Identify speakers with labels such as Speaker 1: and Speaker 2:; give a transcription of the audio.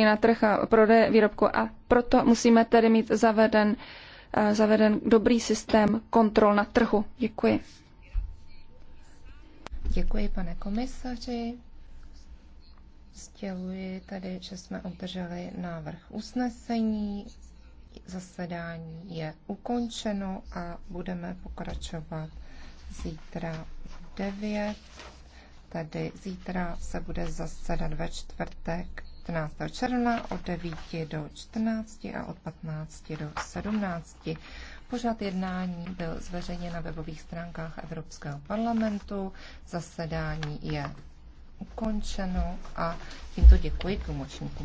Speaker 1: na trh a prodeje výrobku a proto musíme tedy mít zaveden, eh, zaveden
Speaker 2: dobrý systém kontrol na trhu. Děkuji. Děkuji, pane komisaři. Sděluji tady, že jsme obdrželi návrh usnesení. Zasedání je ukončeno a budeme pokračovat zítra v 9. Tedy zítra se bude zasedat ve čtvrtek 14. června od 9 do 14 a od 15 do 17. Pořad jednání byl zveřejněn na webových stránkách Evropského parlamentu. Zasedání je ukončeno a tímto děkuji tlumočníkům.